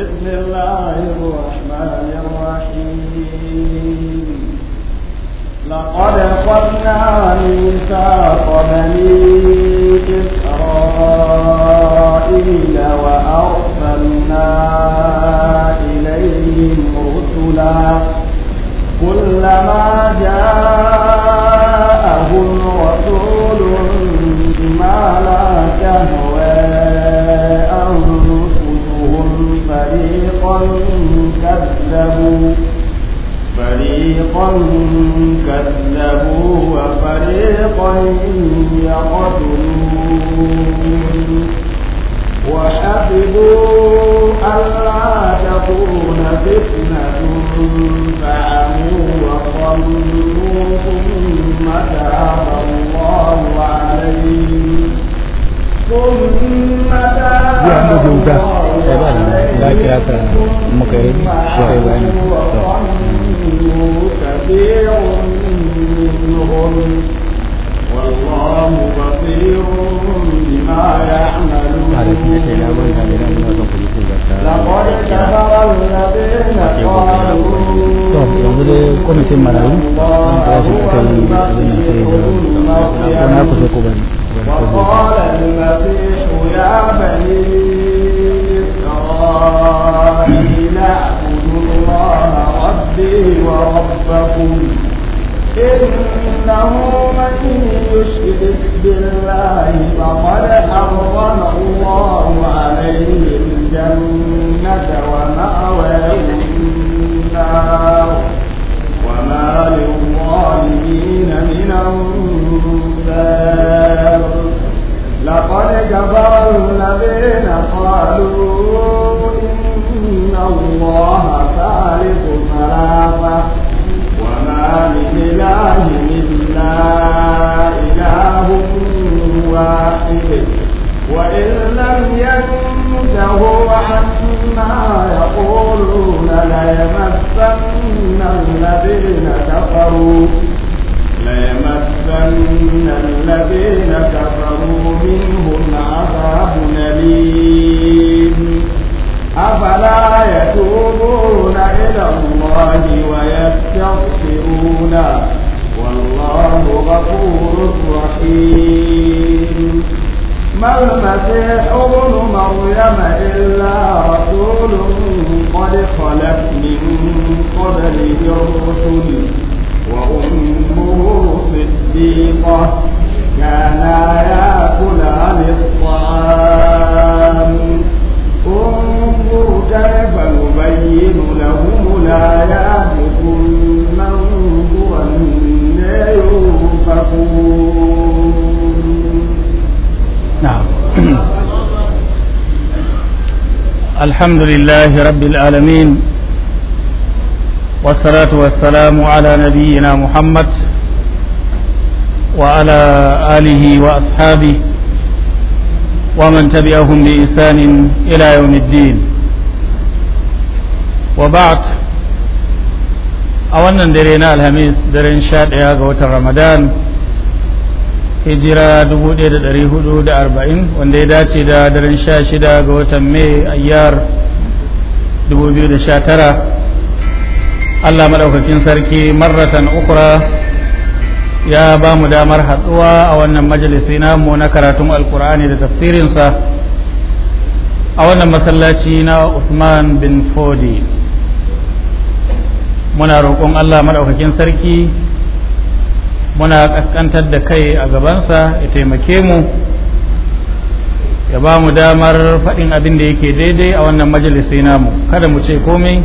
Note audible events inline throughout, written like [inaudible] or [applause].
بسم الله الرحمن الرحيم لقد أخذنا ميثاق بني إسرائيل وأرسلنا إليهم رسلا كلما جاءهم رسول ما لا تهوى فريقا كذبوا فريقا كذبوا وفريقا يقتلون وحفظوا ألا تكون فتنة فعموا وصلوا ثم تاب الله عليهم ثم تاب ya kira ka yanzu dai kwamitin marayu an kira shi kusa ko bane وقال المسيح يا بني إسرائيل اعبدوا الله ربي وربكم إنه من يشرك بالله فقد حرم الله عليه الجنة ومأواه النار وما للظالمين المسيح ابن مريم إلا رسول قد خلت من قبله الرسل وأمه صديقة كانا يأكلان الطعام انظر كيف نبين لهم الآيات ثم انظر أنى ينفقون الحمد لله رب العالمين والصلاة والسلام على نبينا محمد وعلى آله وأصحابه ومن تبعهم بإحسان إلى يوم الدين وبعد أولا درينا الهميس درين شاد ga رمضان رمضان hijira da arba'in wanda ya dace da daren 16 ga watan mai ayyar 2019 Allah maɗaukakin sarki marratan ukura ya ba mu damar haɗuwa a wannan majalisi namu na karatun alkur'ani da tafsirinsa a wannan masallaci na Usman bin Fodi muna roƙon Allah maɗaukakin sarki muna kaskantar da kai a gabansa ya taimake mu ya ba mu damar faɗin abin da yake daidai a wannan majalisi namu kada mu ce komai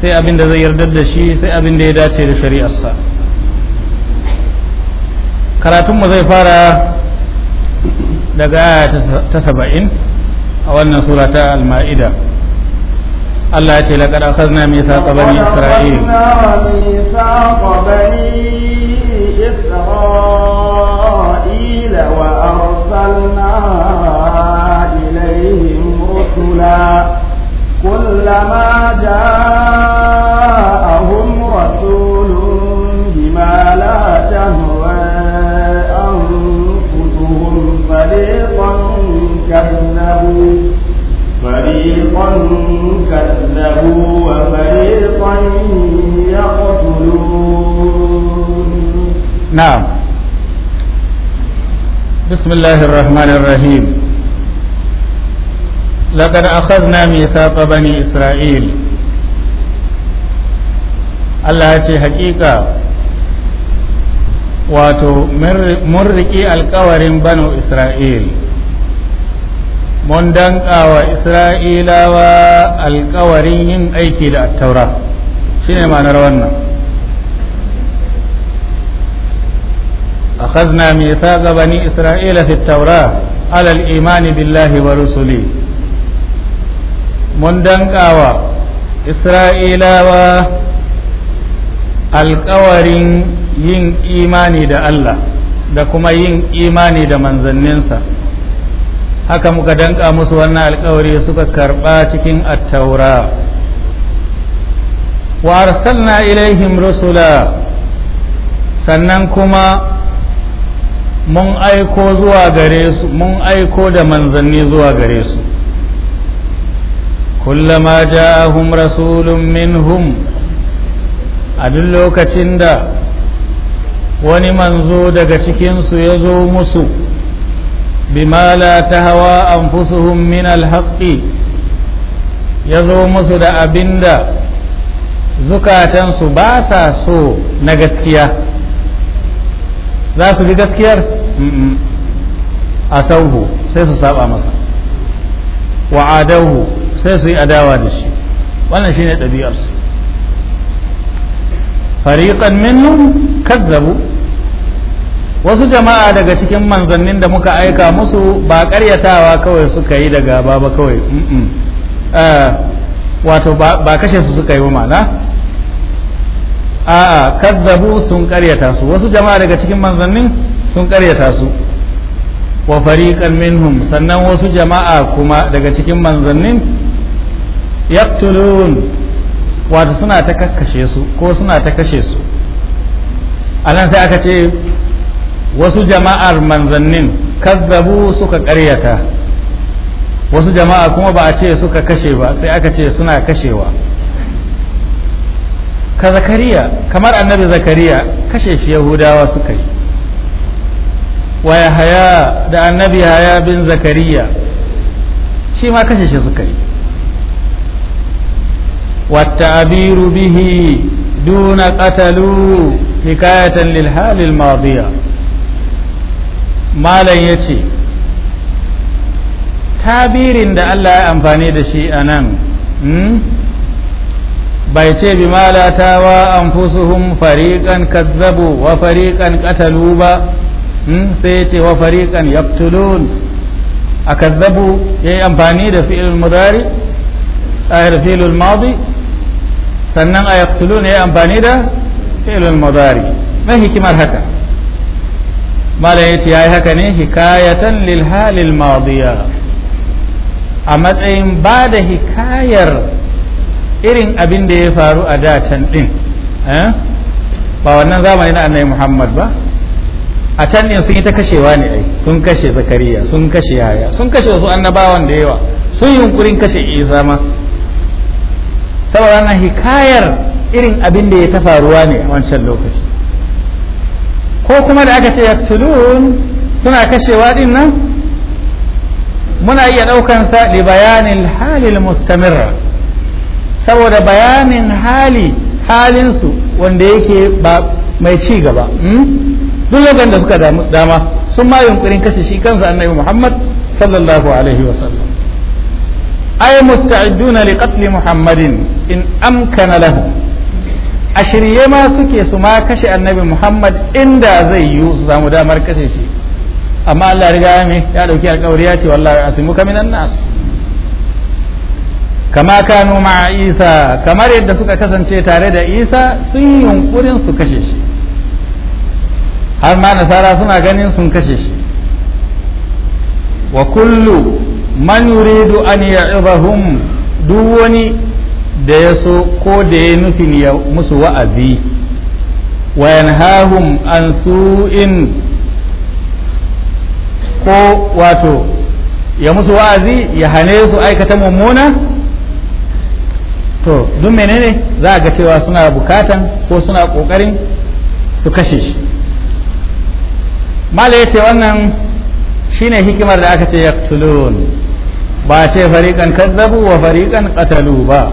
sai abin da zai yardar da shi sai abin da ya dace da shari'arsa karatunmu zai fara daga aya ta saba'in a wannan sura ta alma'ida Allah ya ce laƙar akhazna mai saƙa bani isra'il إسرائيل وأرسلنا إليهم رسلا كلما جاءهم رسول بما لا تهوى أنفسهم فريقا كذبوا فريقا كذبوا وفريقا يقتلون نعم بسم الله الرحمن الرحيم لقد أخذنا ميثاق بني إسرائيل Allah ce wato mun riƙi alkawarin banu Isra'il mun danƙawa Isra'ilawa alkawarin yin aiki da attaura shine ma'anar wannan أخذنا ميثاق بني إسرائيل في التوراة على الإيمان بالله ورسله من دنقاوى إسرائيل alkawarin yin imani da Allah da kuma yin imani da manzanninsa haka muka danka musu wannan alkawari suka karba cikin attaura wa arsalna ilaihim rusula sannan kuma mun aiko zuwa gare su mun aiko da manzanni zuwa gare su kullama ja'ahum rasulun minhum a duk lokacin da wani manzo daga cikinsu ya zo musu Bimala ta hawa anfusuhum min alhaqqi ya zo musu da abinda zukatansu ba sa so na gaskiya za su bi gaskiyar a sauhu sai su saba masa wa adahu sai su yi adawa da shi wannan shi ne ɗabi'arsu fariƙan minhum kazzabu wasu jama'a daga cikin manzannin da muka aika musu ba ƙaryatawa kawai suka yi daga ba ba kawai eh, wato ba kashe su suka yi ba ma'ana a'a kazzabu sun karyata su wasu jama'a daga cikin manzannin sun karyata su wa fariqan minhum sannan wasu jama'a kuma daga cikin manzannin yaqtulun wato suna ta kakkashe su ko suna ta kashe su anan sai aka ce wasu jama'ar manzannin kazzabu suka karyata wasu jama'a kuma ba a ce suka kashe ba sai aka ce suna kashewa ka zakariya kamar annabi zakariya kashe shi yahudawa suka yi wa yahaya da annabi haya bin zakariya shi ma kashe shi suka yi abiru bihi دون قتلوا حكاية للحال الماضية Malam ya ce tabirin da Allah ya amfani da shi a nan hmm? bai ce bi malatawa an fusuhun fariƙan kazzabu wa fariƙan ƙatalu ba hmm, sai ce wa fariƙan yaftulun a kazzabu ya yi amfani da fi'il mudari a fi'il madi sannan a yaftulun ya yi amfani da fi'il mudari mai hikimar haka malam ya ce ya yi haka ne hikayatan lil halil madiya a matsayin ba da hikayar irin abin da ya faru a datan din eh? ba wannan zamani na annabi muhammad ba a can din sun yi ta kashewa ne ai sun kashe zakariya sun kashe yaya sun kashe wasu annabawan da yawa sun yi yunkurin kashe isa ma saboda na hikayar irin abin da ya ta faruwa ne a wancan lokaci ko kuma da aka ce yaktulun suna kashewa din nan muna iya ɗaukansa li bayanin halil mustamirra saboda bayanin hali halinsu wanda yake ba mai ci gaba hmm? duk lokacin da suka dama sun ma yunkurin kashe shi kansa annabi muhammad sallallahu alaihi wasallam ay musta'iduna li qatli muhammadin in amkana lahu a shirye ma suke su ma kashe annabi muhammad inda zai yiwu su samu damar kashe shi amma allah riga ya ɗauki ya dauki alkawari ya ce wallahi asimu kaminan nas kama kanu ma isa kamar yadda suka kasance tare da isa sun yi yunkurin su kashe shi har ma nasara suna ganin sun kashe shi wa kullu man yuridu an ya'idhahum duk wani da ya so ko da ya nufin ya musu wa'azi wa yanhahum an su'in ko wato ya musu wa'azi ya hane su aikata mummuna to duk menene za a ga cewa suna bukatan ko suna kokarin su kashe shi mala ya ce wannan shine hikimar da aka ce yaqtulun ba ce fariqan kazzabu wa fariqan qatalu ba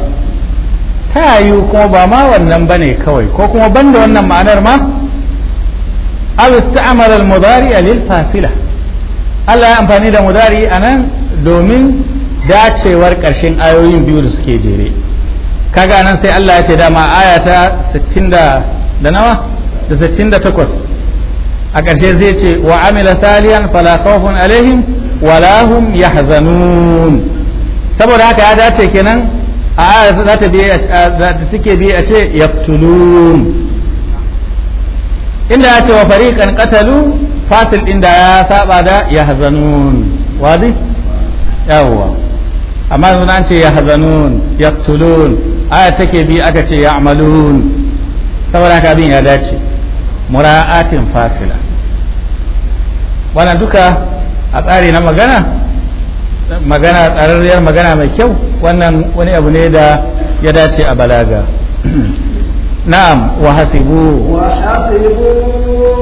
ta yiwu kuma ba ma wannan bane kawai ko kuma banda wannan ma'anar ma al ista'mala al-mudari lil fasila Allah ya amfani da mudari anan domin dacewar ƙarshen ayoyin biyu da suke jere kaga nan sai Allah ya ce dama aya ta 60 da nawa da 68 a ƙarshe zai ce wa amila saliyan fala khawfun alaihim wala hum yahzanun saboda haka ya dace kenan a aya za ta biye da take biye a ce yaqtulun inda ya ce wa fariqan qatalu fasil inda ya saba da yahzanun wadi yawwa amma yanzu an ce yahzanun yaqtulun aya take bi aka ce ya'malun saboda haka abin ya dace mura'atin fasila wannan duka a tsari na magana magana tsararriyar magana mai kyau wannan wani abu ne da ya dace a balaga نعم وحسبوا وحسبوا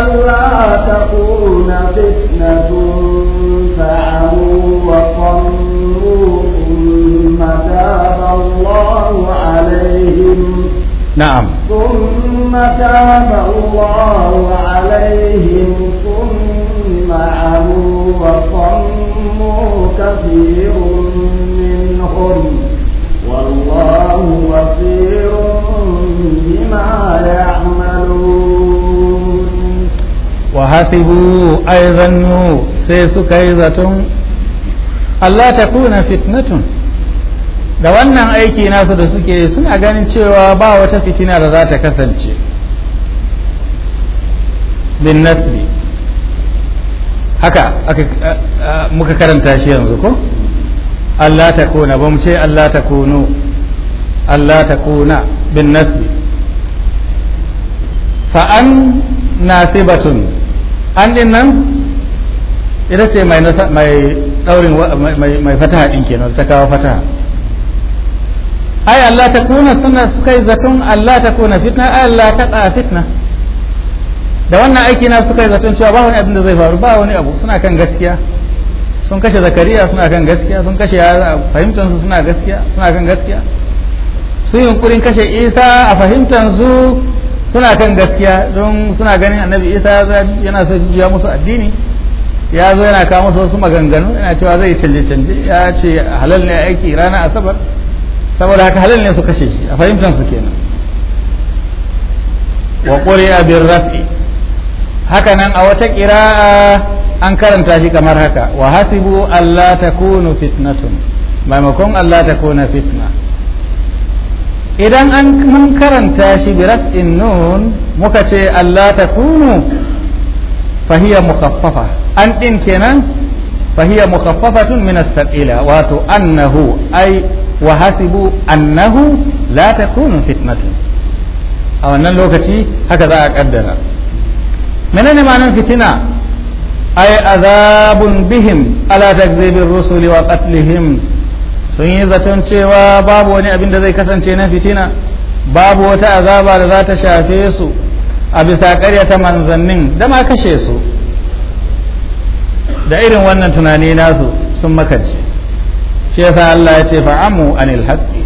ألا تكون فتنة wa وصموا الله عليهم نعم ثم تاب الله عليهم ثم عموا وصموا كثير منهم والله بصير بما يعملون وحسبوا أيضا sai suka yi zaton Allah ta kuna fitnatun da wannan aiki nasu da suke suna ganin cewa ba wata fitina da za ta kasance bin nasbi haka muka karanta shi yanzu ko Allah ta kuna ba mu ce Allah ta kuno Allah ta kuna bin nasbi fa'an nasibatun an din nan ita ce mai daurin mai fataha ɗin kenan ta kawo fataha ai Allah ta kuna suna suka yi zaton Allah ta kuna fitna ai Allah ta ƙa fitna da wannan aiki na suka yi zaton cewa ba wani abin da zai faru ba wani abu suna kan gaskiya sun kashe zakariya suna kan gaskiya sun kashe fahimtansu suna gaskiya suna kan gaskiya sun yunkurin kashe isa a su suna kan gaskiya don suna ganin annabi isa yana so ya musu addini ya zo yana kawo musu wasu maganganu yana cewa zai canje canje ya ce halal ne aiki rana asabar saboda haka halal ne su kashe shi a fahimtar su kenan wa quri'a bir raf'i haka nan a wata qira'a an karanta shi kamar haka wa hasibu alla takunu fitnatun maimakon alla takuna fitna idan an mun karanta shi bi raf'in nun muka ce alla takunu fahiya mukaffafa an din kenan fahiya mukhaffafatun min as-saqila wato annahu ay wa hasibu annahu la takunu fitnatun a wannan lokaci haka za a kaddara menene ma'anar fitina ay azabun bihim ala takzibir rusuli wa qatlihim sun yi zaton cewa babu wani abin da zai kasance na fitina babu wata azaba da za ta shafe su a bisa ta manzannin da ma kashe su da irin wannan tunani nasu sun makarci shi yasa Allah ya ce fa'amu anil haqqi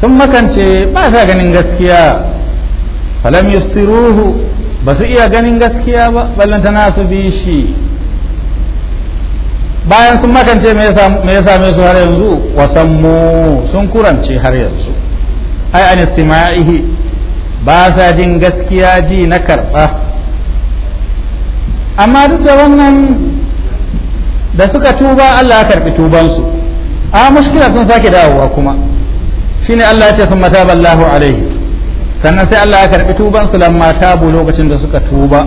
sun makance ba sa ganin gaskiya falam yusiruhu ba su iya ganin gaskiya ba tana su bi shi bayan sun makance me ya same su har yanzu wasammu sun kurance har yanzu ai an istima'ihi ba sa jin gaskiya ji na karɓa amma duk da wannan da suka tuba Allah ya karɓi tubansu a mushkila sun sake dawowa kuma shine Allah ya ce sun mata ballahu alaihi sannan sai Allah ya karbi tuban su lamma tabu lokacin da suka tuba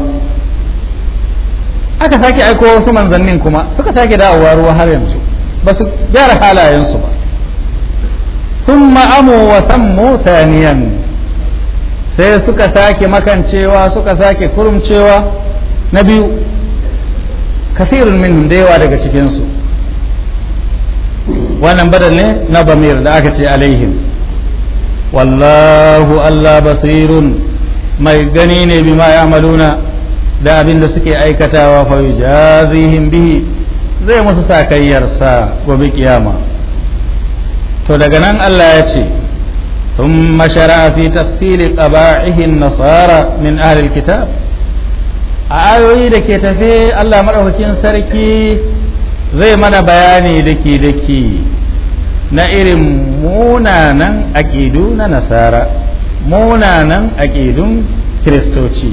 aka sake aiko wasu manzannin kuma suka sake dawowa ruwa har yanzu ba su gyara su ba sun ma'amu wa sammu taniyan sai suka sake makancewa suka sake kurumcewa na biyu kasirun minhum da yawa daga cikinsu wannan badal ne na bamir da aka ce alaihim wallahu allah basirun mai gani ne bima ya'maluna da abin da suke aikatawa fa yujazihim bihi zai musu sa gobe kiyama to daga nan allah ya ce ثم شرع في تفصيل قبائح النصارى من أهل الكتاب a ayoyi da ke tafe Allah maɗaukakin sarki zai mana bayani daki-daki na irin munanan aƙidu na nasara munanan aƙidun kiristoci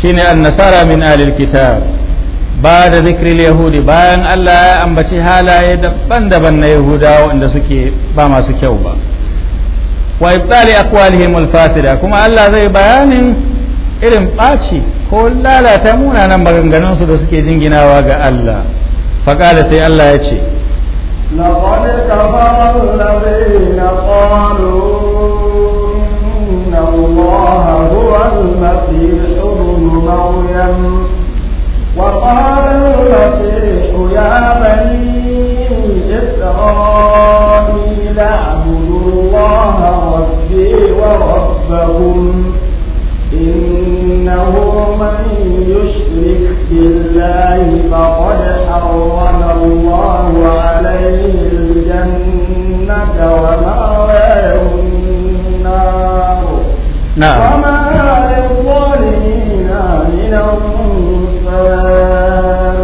shine an nasara min alil kitab ba da zikirin yahudi bayan allah ya ambaci halaye daban-daban na yahudawa wanda suke ba masu kyau ba wa ibtali aqwalihim alfasida kuma allah zai bayanin irin ɓaci ko lalata munanan maganganunsu da suke jinginawa ga allah faƙala sai Allah ya ce لقد كفر الذين قالوا إن الله هو المسيح ابن مريم وقال المسيح يا بني إسرائيل اعبدوا الله ربي وربكم إن إنه من يشرك بالله فقد حرم الله عليه الجنة ومأواه النار نعم وما للظالمين من أنصار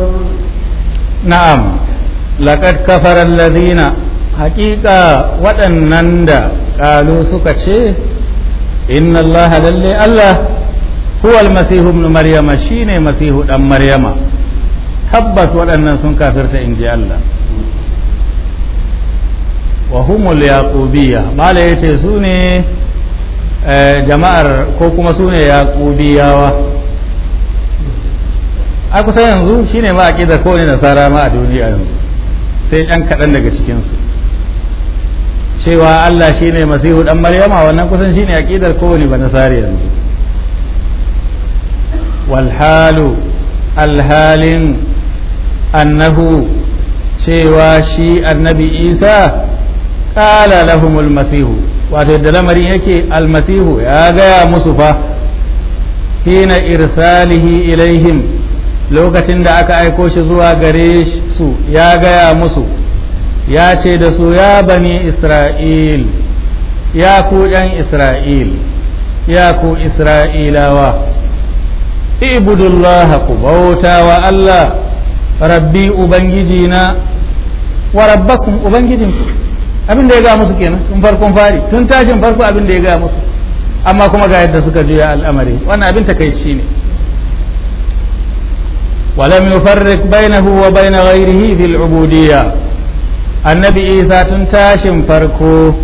نعم لقد كفر الذين حقيقة وأنند قالوا سكتشي إن الله للي الله huwa almasihu ibn maryama shine masihu dan maryama tabbas waɗannan sun kafirta in ji Allah wa humul yaqubiyya mala yace su ne eh, jama'ar ko kuma su ne yaqubiyawa a kusa yanzu shine ma aqida ko ne nasara ma a duniya yanzu sai ɗan kaɗan daga cikinsu cewa Allah shine masihu dan maryama wannan kusan shine aqidar ne ba nasari yanzu Walhalu الهال أنه cewa shi annabi isa ƙala lahumul masihu wato da lamarin yake almasihu ya gaya musu fa hina irsalihi ilaihim lokacin da aka aiko shi zuwa gare su ya gaya musu ya ce da su ya bani isra'il ya ku ‘yan isra'il ya ku isra'ilawa ibudullaha ku bauta wa Allah rabbi ubangiji na wa rabbakum ubangijin ku abin da ya ga musu kenan tun farkon fari tun tashin farko abin da ya ga musu amma kuma ga yadda suka juya al'amari wannan abin takaici ne ولم يفرق بينه وبين غيره في العبودية annabi isa tun tashin farko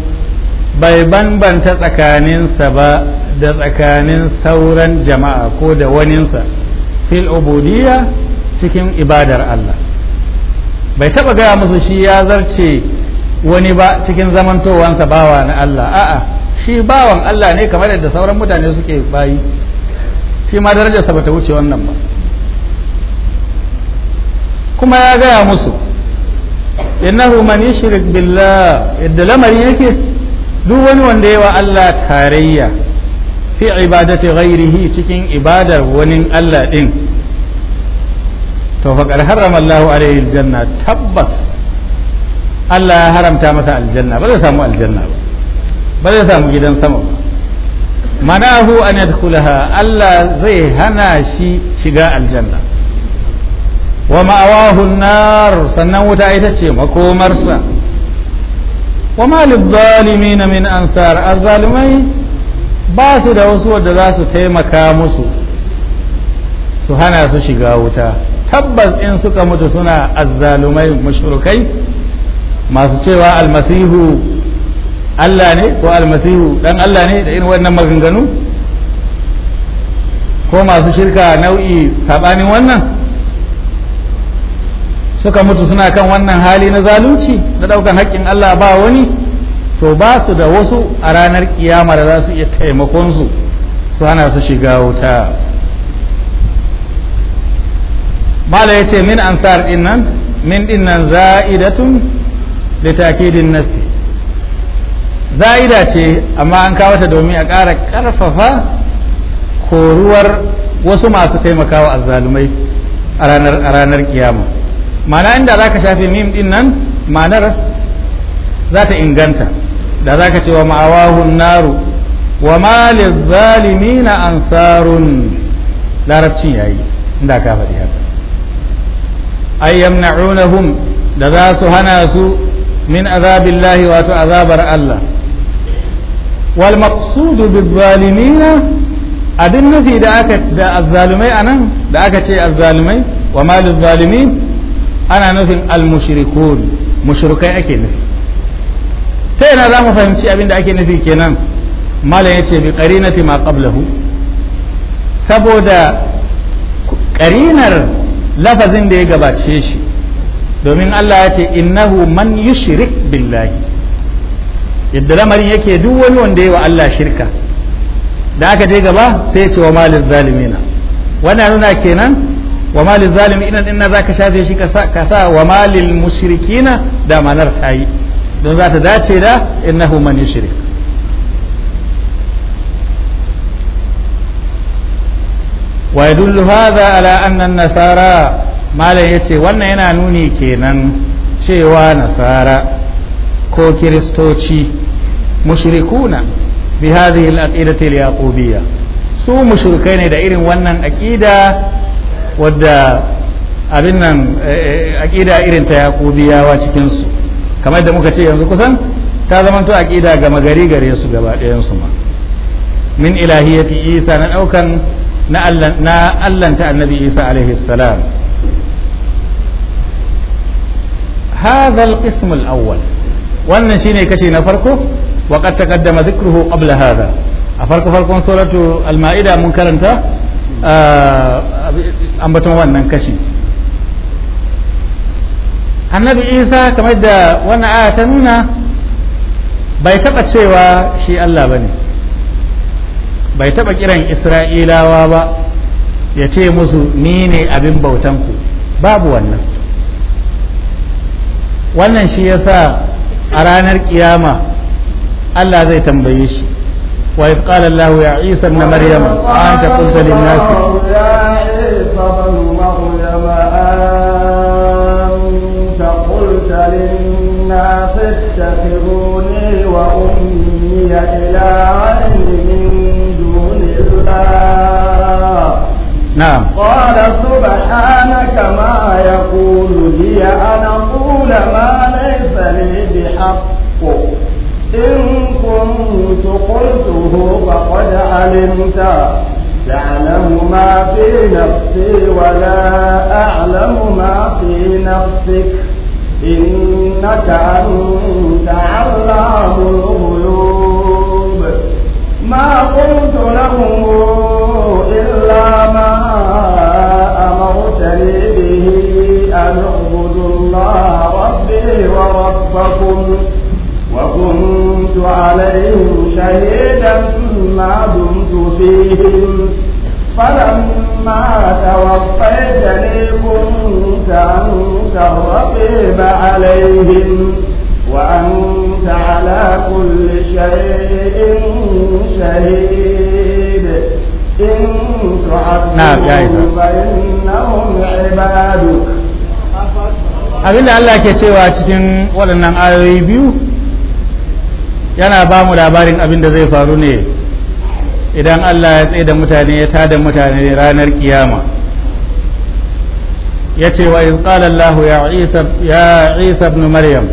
bai banbanta tsakaninsa ba da tsakanin sauran jama'a ko da waninsa fil ubudiyya cikin ibadar Allah bai taba gaya musu shi ya zarce wani ba cikin zamantowansa bawa na Allah a'a shi bawan Allah ne kamar yadda sauran mutane suke bayi shi ma darajarsa bata wuce wannan ba kuma ya gaya musu innahu man yushrik billah yadda lamari yake duk wani wanda yawa Allah tarayya fi ibadati ghairihi cikin ibadar wani Allah din to fa qad harrama Allahu alayhi aljanna tabbas Allah ya haramta masa aljanna ba zai samu aljanna ba ba zai samu gidan sama ba manahu an yadkhulaha Allah zai hana shi shiga aljanna wa ma'awahu nar sannan wuta ita ce makomarsa wa ma lidh-dhalimin min ansar azzalimai ba su da wasu wadda za su taimaka musu su hana su shiga wuta tabbas in suka mutu suna azzalumai mashrukai masu cewa almasihu Allah ne ko almasihu dan Allah ne da irin wannan maganganu ko masu shirka nau'i sabanin wannan suka mutu suna kan wannan hali na zalunci na daukan haƙƙin Allah ba wani to ba su da wasu a ranar kiyama da za su iya taimakon su su hana su shiga wuta mala ya ce min ansar din nan min dinnan za'idatun da takidin nasti za'ida ce amma an kawo ta domin a ƙara ƙarfafa koruwar wasu masu taimakawa azzalumai a ranar a kiyama ma'ana inda zaka shafi mim dinnan ma'anar za ta inganta da za ka ce wa ma'awahun naru wa malin zalimi na ansarun larabcin ya yi inda ka faɗi haka ayyam na'unahum da za su hana su min azabillahi wato azabar Allah wal maqsudu bizzalimina abin nufi da aka da azzalumai anan da aka ce azzalumai wa malul zalimin ana nufin al mushrikun mushrikai ake nufi ta yana za mu fahimci abinda ake nufi kenan malam ya ce bi karina ma qablahu saboda karinar lafazin da ya gabace shi domin Allah ya ce innahu man yushrik billahi yadda lamarin yake duk wani wanda ya wa Allah shirka da aka je gaba sai ya ce wa malin zalimina wannan nuna kenan wa malin zalimina din za zaka shafe shi ka sa wa malil mushrikina da manar tayi don za ta dace da innahu man yushrik wa yadullu hadha ala anna an-nasara malam yace wannan yana nuni kenan cewa nasara ko kiristoci mushrikuna bi hadhihi al-aqidati al-yaqubiyya su mushrikai ne da irin wannan aqida wadda abin nan eh, eh, aqida irin ta yaqubiyawa cikin su kamar da muka ce yanzu kusan ta zamanto aqida ga magari gare su gaba ɗayan su ma min ilahiyati isa na ɗaukan na allanta annabi isa alaihi salam هذا القسم الأول wannan shine kashe na farko wa qad taqaddama dhikruhu qabla hadha a farko farkon suratu al-maida mun karanta ah, ambaton wannan kashi annabi isa kamar da wannan aya ta nuna bai taɓa cewa shi allah ba ne bai taɓa kiran isra'ilawa ba ya ce musu ni ne abin bautanku babu wannan wannan shi ya sa a ranar kiyama allah zai tambaye shi وإذ قال الله يا عيسى ابن مريم أنت قلت للناس يا تتخذوني وأمي إلهين من دون الله نعم قال سبحانك ما يقول لي أن أقول ما ليس لي بحق إن كنت قلته فقد علمت تعلم ما في نفسي ولا أعلم ما في نفسك إنك أنت علام الغيوب ما قلت لهم إلا ما أمرتني به أن اعبدوا الله ربي وربكم وكنت عليهم شهيدا ما دمت فيهم فلما توفيتني كنت أنت الرقيب عليهم وأنت على كل شيء شهيد إن تعذبهم فإنهم عبادك abinda Allah ke cewa cikin waɗannan ayoyi biyu yana ba mu labarin abin da zai faru ne idan Allah ya tsaye da mutane ya tada mutane ranar kiyama ya ce wa qala Allah ya Isa ya ibn Maryam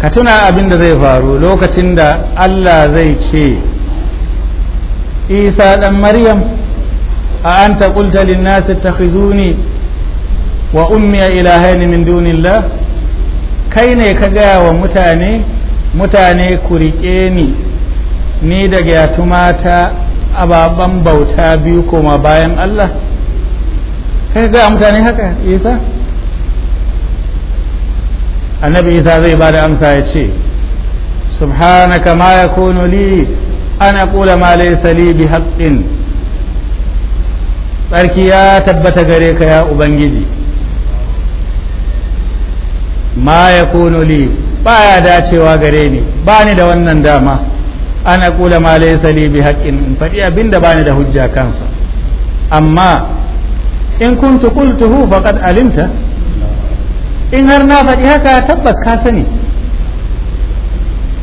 ka tuna abin da zai faru lokacin da Allah zai ce Isa dan Maryam a anta qulta lin nas ittakhizuni wa ummi ilahaini min dunillah kai ne ka gaya wa mutane mutane ku riƙe ni ni daga tuma ta ababen bauta biyu koma bayan Allah kai ga mutane haka isa annabi isa zai ba da amsa ya ce subhanaka ma yakunu li an aqula ma laysa li haqqin tsarki ya tabbata gare ka ya ubangiji ma yakunu li baya dacewa gare ni ba ni da wannan dama ana kula ma laysa li bi haqqin in faɗi abinda bani da hujja kansa amma in kuntu qultuhu faqad alimta in har na faɗi haka tabbas ka sani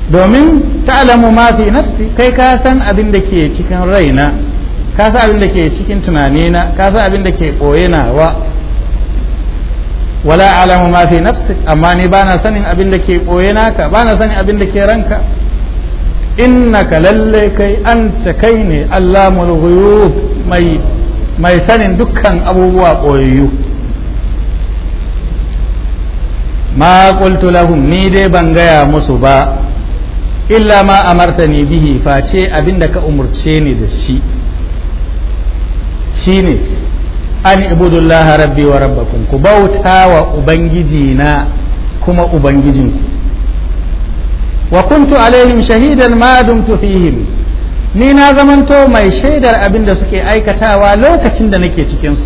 domin ta'lamu ma fi nafsi kai ka san abin da ke cikin raina ka san abin da ke cikin tunanina ka san abin da ke koye wa wala a'lamu ma fi nafsi amma ni bana sanin abin da ke koye ka bana sanin abin da ke ranka innaka lalle kai an ta kai ne Allah ghuyub mai mai sanin dukkan abubuwa koyayyu ma qultu lahum ni dai ban gaya musu ba illa ma amartani bihi face abinda ka umurce ni da shi shine an ibudullaha rabbi wa rabbakum ku bauta wa ubangijina kuma ubangijinku wa kuntu alaihim shahidan ma dumtu ni na zamanto mai shaidar abin da suke aikatawa lokacin da nake cikin su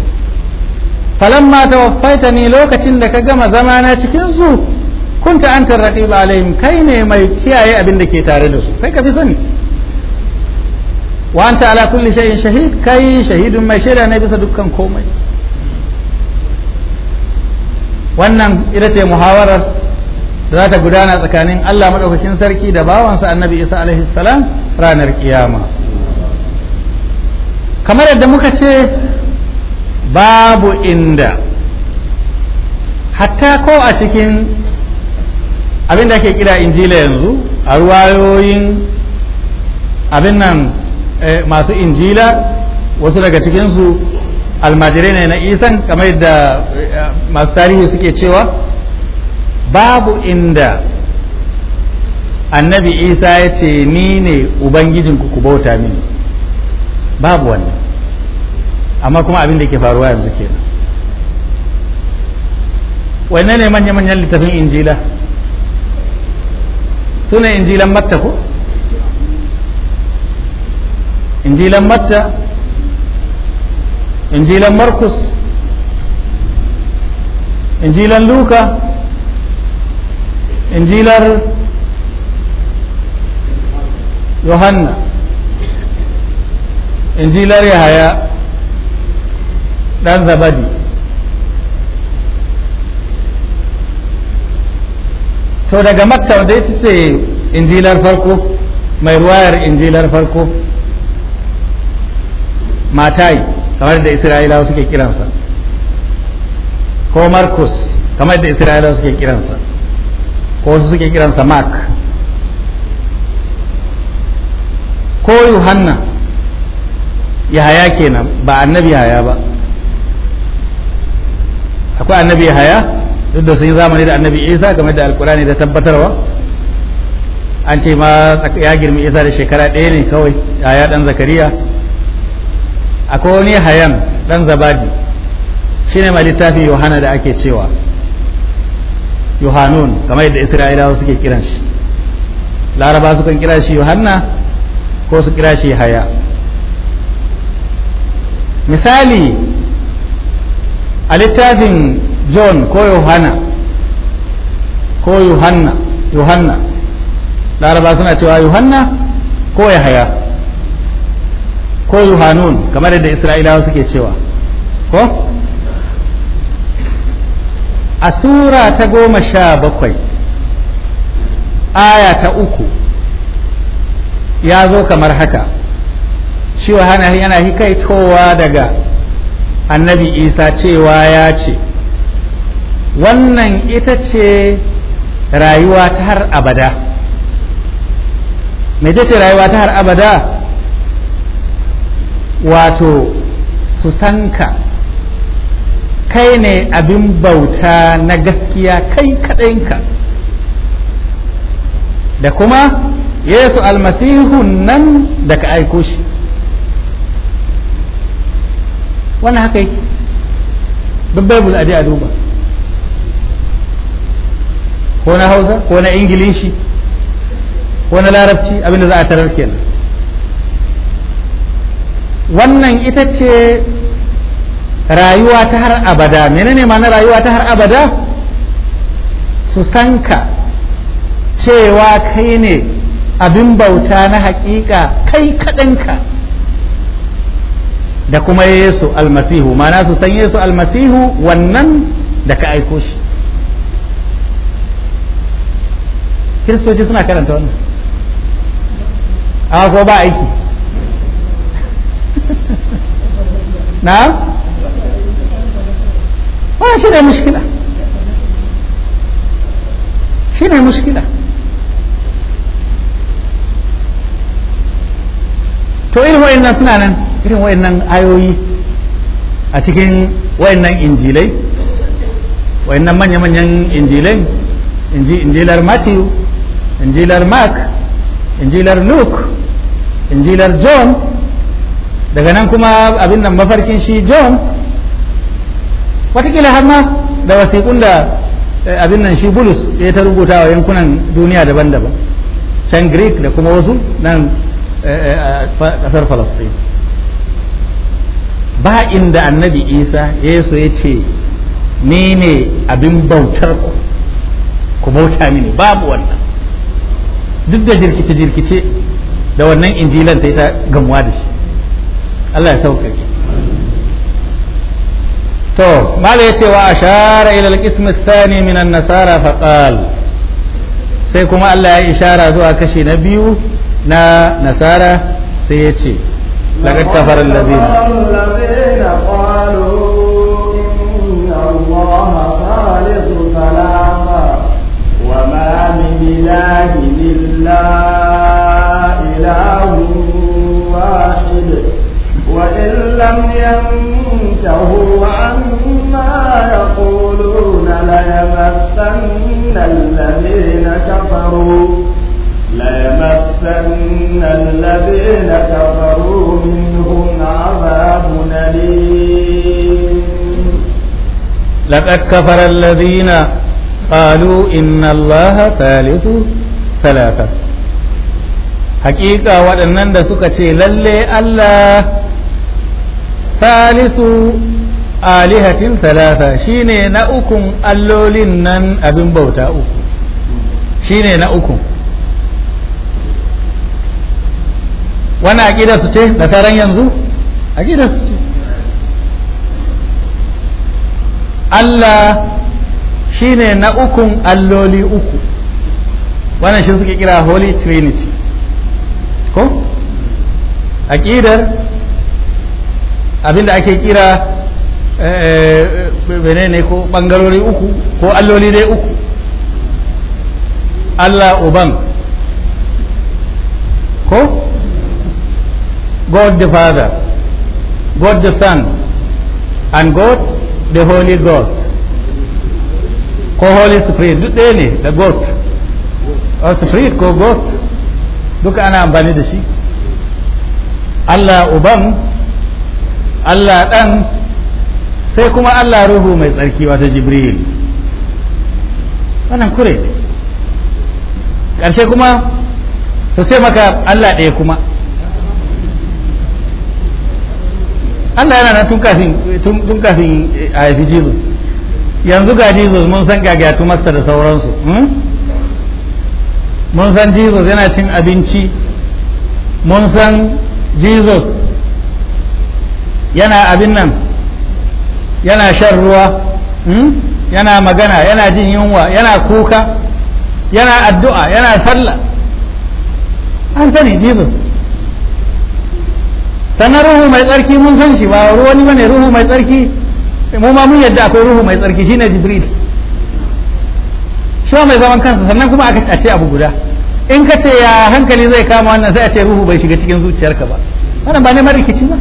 falamma tawaffaita ni lokacin da ka gama zama na cikinsu su kunta antar raqiba kai ne mai kiyaye abin da ke tare da su kai ka fi sani wa anta ala kulli shay'in shahid kai shahidun mai shaida ne bisa dukkan komai wannan ita ce muhawarar za ta gudana tsakanin Allah maɗaukakin sarki da bawansa annabi Isa alaihi salam ranar kiyama kamar yadda muka ce babu inda hatta ko a cikin abin da ake kira injila yanzu a ruwayoyin abin nan eh, masu injila wasu daga cikinsu almajirai ne na isan kamar yadda eh, masu tarihi suke cewa babu inda annabi isa ya ce ni ne ubangijinku ku bauta mini babu wannan amma kuma abin da ke faruwa yanzu kenan wannan ne manya-manyan littafin injila suna injilan matta ko injilan matta injilan markus injilan luka injilar yohanna injilar yahaya ɗan zabadi to daga makka da ita ce injilar farko mai ruwayar injilar farko matai kamar da isra'ilawa suke kiransa ko markus kamar da isra'ilawa suke kiransa ko wasu suke kiransa mark ko yohanna yahaya kenan ba annabi yahaya ba akwai annabi yahaya duk da sun yi zamani da annabi isa game da alkurani da tabbatarwa an ce ma ya girmi isa da shekara ɗaya ne kawai yahaya ɗan zakariya akwai wani hayan ɗan zabadi shine ma littafin yohana da ake cewa yohanun kamar yadda isra'ilawa suke kiran shi laraba sukan kira shi yohanna ko su kira shi haya misali a littafin john ko yohana ko yohanna yohanna laraba suna cewa yohanna ko ya haya ko yohanun kamar yadda isra'ilawa suke cewa ko a sura ta goma sha bakwai aya ta uku ya zo kamar haka cewa yana hikaitowa daga annabi isa cewa ya ce wannan ita ce rayuwa ta har abada ce rayuwa ta har abada wato su sanka kai ne abin bauta na gaskiya kai kaɗinka da kuma yesu almasihun nan da ka aiko shi wani haka yake babbai aje a duba ko na hausa ko na ingilishi ko na larabci abinda za a tarar kenan wannan ita ce rayuwa ta har abada menene ma'ana rayuwa ta har abada su sanka cewa kai ne abin bauta na hakika kai kaɗanka da kuma yesu almasihu ma'ana su san yesu almasihu wannan da ka aiko shi kiristoci suna karanta wannan a ko ba aiki [laughs] na wannan shine mushkila shine to irin wayannan suna nan irin wayannan ayoyi a cikin wayannan injilai wayannan manya-manyan injilai inji injilar matthew injilar mark injilar luke injilar john daga nan kuma abin nan mafarkin shi john watakila har ma da wasiƙun da eh, abin nan shi bulus ya ta rubuta wa yankunan duniya daban-daban can greek da kuma wasu nan eh, eh, ƙasar falastin ba inda annabi isa yesu ya ce ni ne abin bautar ku ku bauta mini babu wannan duk da jirkice-jirkice da wannan injilan ta yi ta gamuwa da shi Allah ya sauƙaƙe to mala ya wa a shara al-qism ath nasara fa sai kuma Allah ya ishara zuwa kashi na biyu na nasara sai ya ce laqad kafara allazina qalu inna allaha khaliqu salama wa ma min ilahin illa ilahun wahid wa انتهوا عما يقولون ليمسن الذين كفروا ليمسن الذين كفروا منهم عذاب أليم لقد كفر الذين قالوا إن الله ثالث ثلاثة hakika waɗannan da suka ce lalle Allah salisu alihatin talata shine na ukun allolin nan abin bauta uku shine na ukun wani aƙida su ce na taron yanzu aƙida su ce Allah shine na ukun alloli uku wannan shi suke kira holy trinity ko aƙidar abinda ake kira bene eh, eh, ne ko bangarori uku ko alloli dai uku allah uban ko god the father god the son and god the holy ghost ko holy spirit duk ɗaya ne da ghost oh, ko spirit ko ghost duka ana amfani da shi allah uban Allah ɗan sai kuma Allah ruhu mai tsarki wata jibril wannan kure ne ƙarshe kuma su ce maka Allah ɗaya kuma Allah yana nan tun kafin a haifi Jesus yanzu ga Jesus mun san gagatu masa da sauransu hmm? mun san Jesus yana cin abinci mun san Jesus yana abin nan yana shan ruwa hmm? yana magana yana jin yunwa yana kuka yana addu'a yana sallah an sani jesus sannan ruhu mai tsarki mun san shi ba ruwani bane ruhu mai tsarki mu ma mun yadda akwai ruhu mai tsarki shine jibril shi mai zaman kansa sannan kuma aka ce abu guda in ka ce ya hankali zai kama wannan sai a ce ruhu bai shiga cikin zuciyarka ba wannan ba neman rikici ba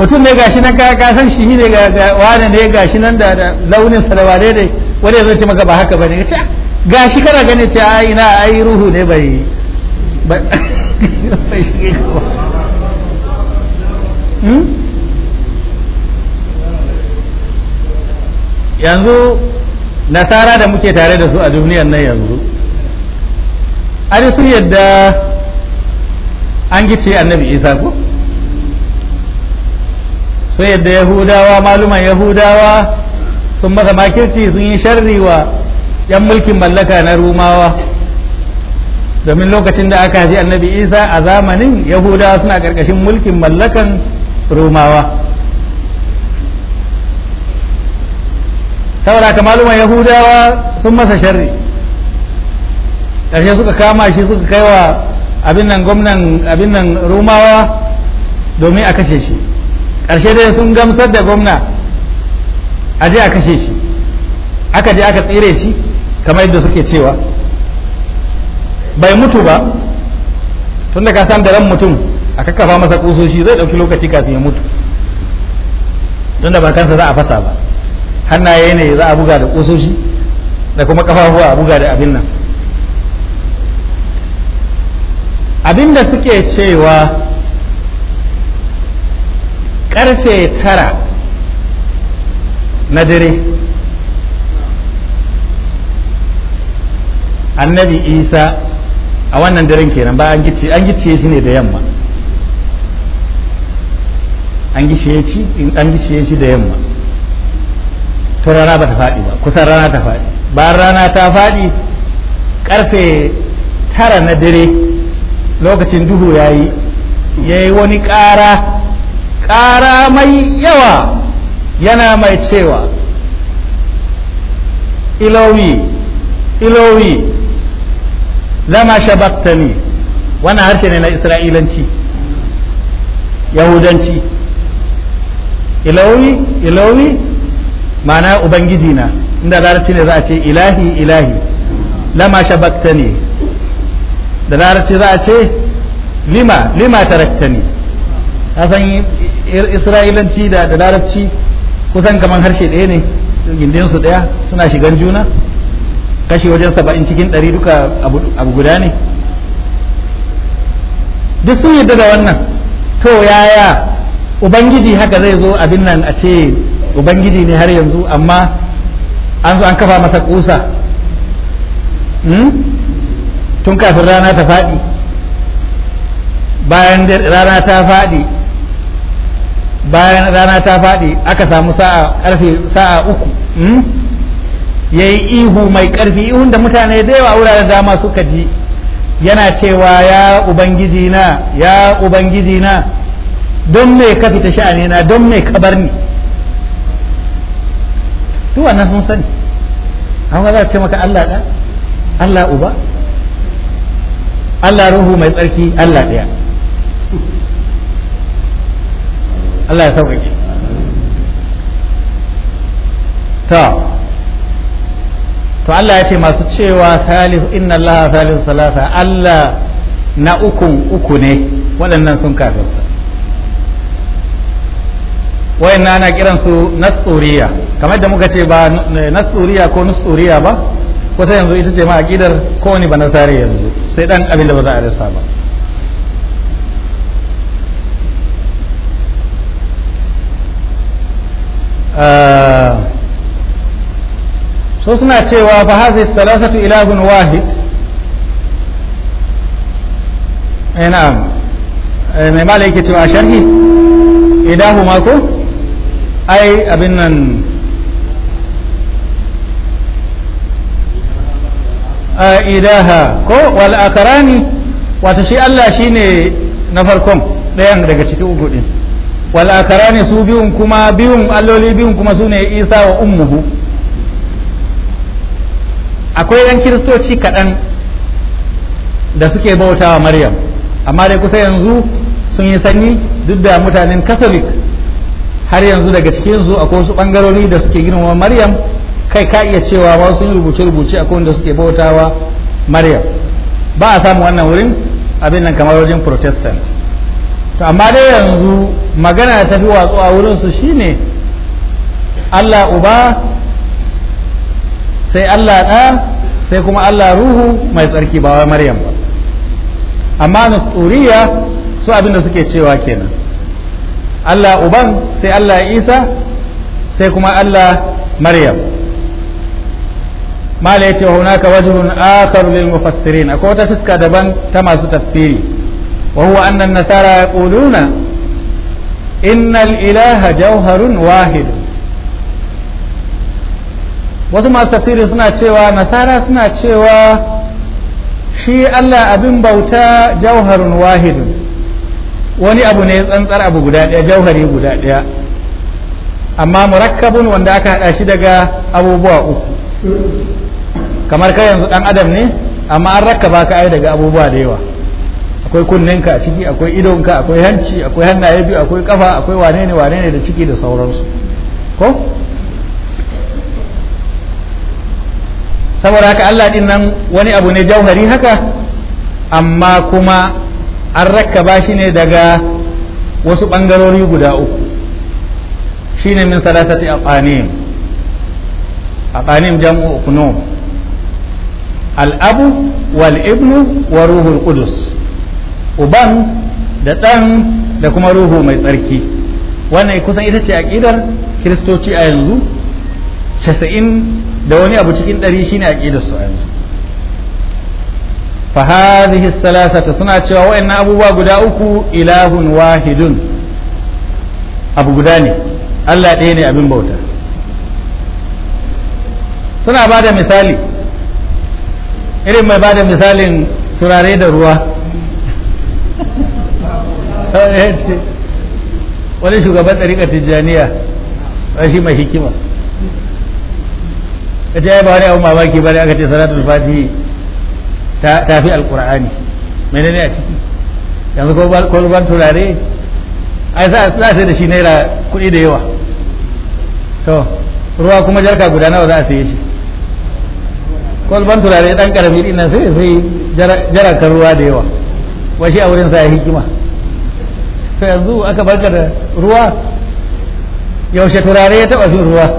mutum ne gashi nan ka san shi ne ga wani ne gashi nan da launin sa da wane ne wani ya ce maka ba haka bane ka ce ah, gashi kana gani ce a ah, ina ai ruhu ne bai bai hmm? yanzu nasara da muke tare da su a duniyar nan yanzu an sun yadda an gice annabi isa ko sun yadda yahudawa maluman yahudawa sun masa makirci sun yi sharri wa 'yan mulkin mallaka na rumawa domin lokacin da aka haifi annabi isa a zamanin yahudawa suna ƙarƙashin mulkin mallakan rumawa saboda maluman yahudawa sun masa sharri ƙarshe suka kama shi suka kai wa abin nan gwamnan abin nan rumawa domin a kashe shi ƙarshe dai sun gamsar da gwamna a je a kashe shi aka je aka tsire shi kamar yadda suke cewa bai mutu ba tun da ka san da ran mutum a kakkafa masa kusoshi zai ɗauki lokaci kafin ya mutu tun da bakansa za a fasa ba hannaye ne za a buga da kusoshi da kuma ƙafafuwa a buga da abin nan abinda suke cewa karfe tara na dare annabi isa a wannan daren kenan ba an gice an gice shi ne da yamma an gishiye shi an gishiye shi da yamma to rana ba ta faɗi ba kusan rana ta faɗi bayan rana ta faɗi karfe tara na dare lokacin duhu ya yi ya yi wani ƙara ƙara mai yawa yana mai cewa ilowi ilowi lama shabaktani wannan harshe ne na isra'ilanci yahudanci ilowi ilowi ma'ana ubangiji na inda larabci ne za a ce ilahi ilahi lama shabakta shabaktani da larabci za a ce lima lima tarakta ka san isra'ilanci da da larabci kusan kamar harshe ɗaya ne gindin su ɗaya suna shigan juna kashi wajen saba'in cikin ɗari duka abu guda ne duk sun yadda da wannan to yaya ubangiji haka zai zo abin nan a ce ubangiji ne har yanzu amma an zo an kafa masa kusa hmm? tun kafin rana ta faɗi bayan rana ta faɗi bayan rana ta faɗi aka samu sa'a ƙarfe sa'a uku hmm? ya yi ihu mai ƙarfi, ihun da mutane da yawa wuraren dama suka ji yana cewa ya ubangiji na ya ubangiji na don me ka fita sha'ani na don me ka bar ni duk wannan sun sani ga za ce maka Allah da Allah uba Allah ruhu mai tsarki Allah ɗaya Allah ya sauƙaƙe ta to Allah ya ce masu cewa salihu inna Allah salihu salasa Allah na ukun uku ne waɗannan sun kafirta wayanna na kiransu nasuriya kamar da muka ce ba nasuriya ko nusuriya ba kusa yanzu ita ce ma aqidar kowane ba nasare yanzu sai dan abin da ba za a rasa ba Eh, so suna cewa ba hazi salasatu ilahun wahid ina eh, eh, mai mala yake cewa sharhi idahu mako ai abin nan idaha ko wal akarani wato shi Allah shine na farkon ɗayan daga cikin uku ɗin. wal ne su biyun kuma biyun alloli biyun kuma sune isa wa ummuhu akwai yan kiristoci kaɗan da suke bautawa maryam amma dai kusa yanzu sun yi sanyi duk da mutanen catholic har yanzu daga cikinsu akwai wasu ɓangarori da suke girmama maryam kai ka iya cewa ba sun rubuce-rubuce akwai wanda suke bautawa maryam ba a samu wannan wurin abin nan kamar wajen protestant to amma dai yanzu magana ta fi watsu a wurinsu shine Allah uba sai Allah ɗa sai kuma Allah ruhu mai tsarki ba wa Maryam ba amma nasturiya su abinda suke cewa kenan Allah uban sai Allah Isa sai kuma Allah Maryam mala ya ce wa hunaka wajhun akhar lil mufassirin akwai wata fuska daban ta masu tafsiri وهو أن النصارى يقولون إن الإله جوهر واحد wasu masu tafsiri suna cewa nasara suna cewa shi Allah abin bauta jauharun wahidun wani abu ne tsantsar abu guda ɗaya jauhari guda ɗaya amma murakkabun wanda aka haɗa shi daga abubuwa uku kamar kai yanzu ɗan adam ne amma an rakka ba ka ai daga abubuwa da yawa akwai kunninka a ciki akwai idonka akwai hanci akwai hannaye biyu akwai kafa akwai wane ne wane ne da ciki da sauransu ko saboda haka Allah din nan wani abu ne jauhari haka amma kuma an rakkaba shi ne daga wasu ɓangarori guda uku shine min salasati aqanim aqanim jam'u ukunum al-abu wal ibnu wa ruhul qudus uban da ɗan da kuma ruhu mai tsarki wannan kusan ita ce aƙidar kiristoci a yanzu casa'in da wani abu cikin ɗari shine aƙidar su a yanzu fa hadhihi salasata suna cewa wayannan abubuwa guda uku ilahun wahidun abu guda ne Allah ɗaya ne abin bauta suna ba misali irin mai bada misalin turare da ruwa [laughs] wani shugaban ɗariƙar tijjaniya ba shi mai hikima ka ce ba wani abu mamaki ba ne aka ce salatul fatihi ta fi alƙur'ani menene a ciki yanzu kwalban turare turare ai za a sai da shi naira kuɗi da yawa to ruwa kuma jarka guda nawa za a sai shi kwalban turare ɗan ƙarami ɗin nan sai sai jarakar ruwa da yawa washi a wurin sa ya hikima to yanzu aka barka da ruwa yaushe turare ya taba fin ruwa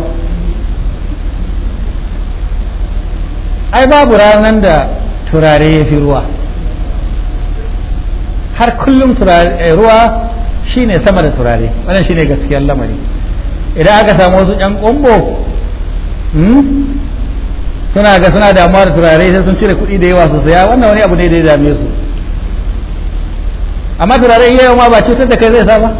ai babu ranar da turare ya fi ruwa har kullum eh, ruwa shine sama da turare wannan shine gaskiyar lamari idan aka samu wasu yan ƙombo hmm, suna ga suna damuwa da turare sai sun cire kuɗi da yawa su saya wannan wani abu ne da ya dame su amma turare iya yau ma ba cutar da kai zai sa ba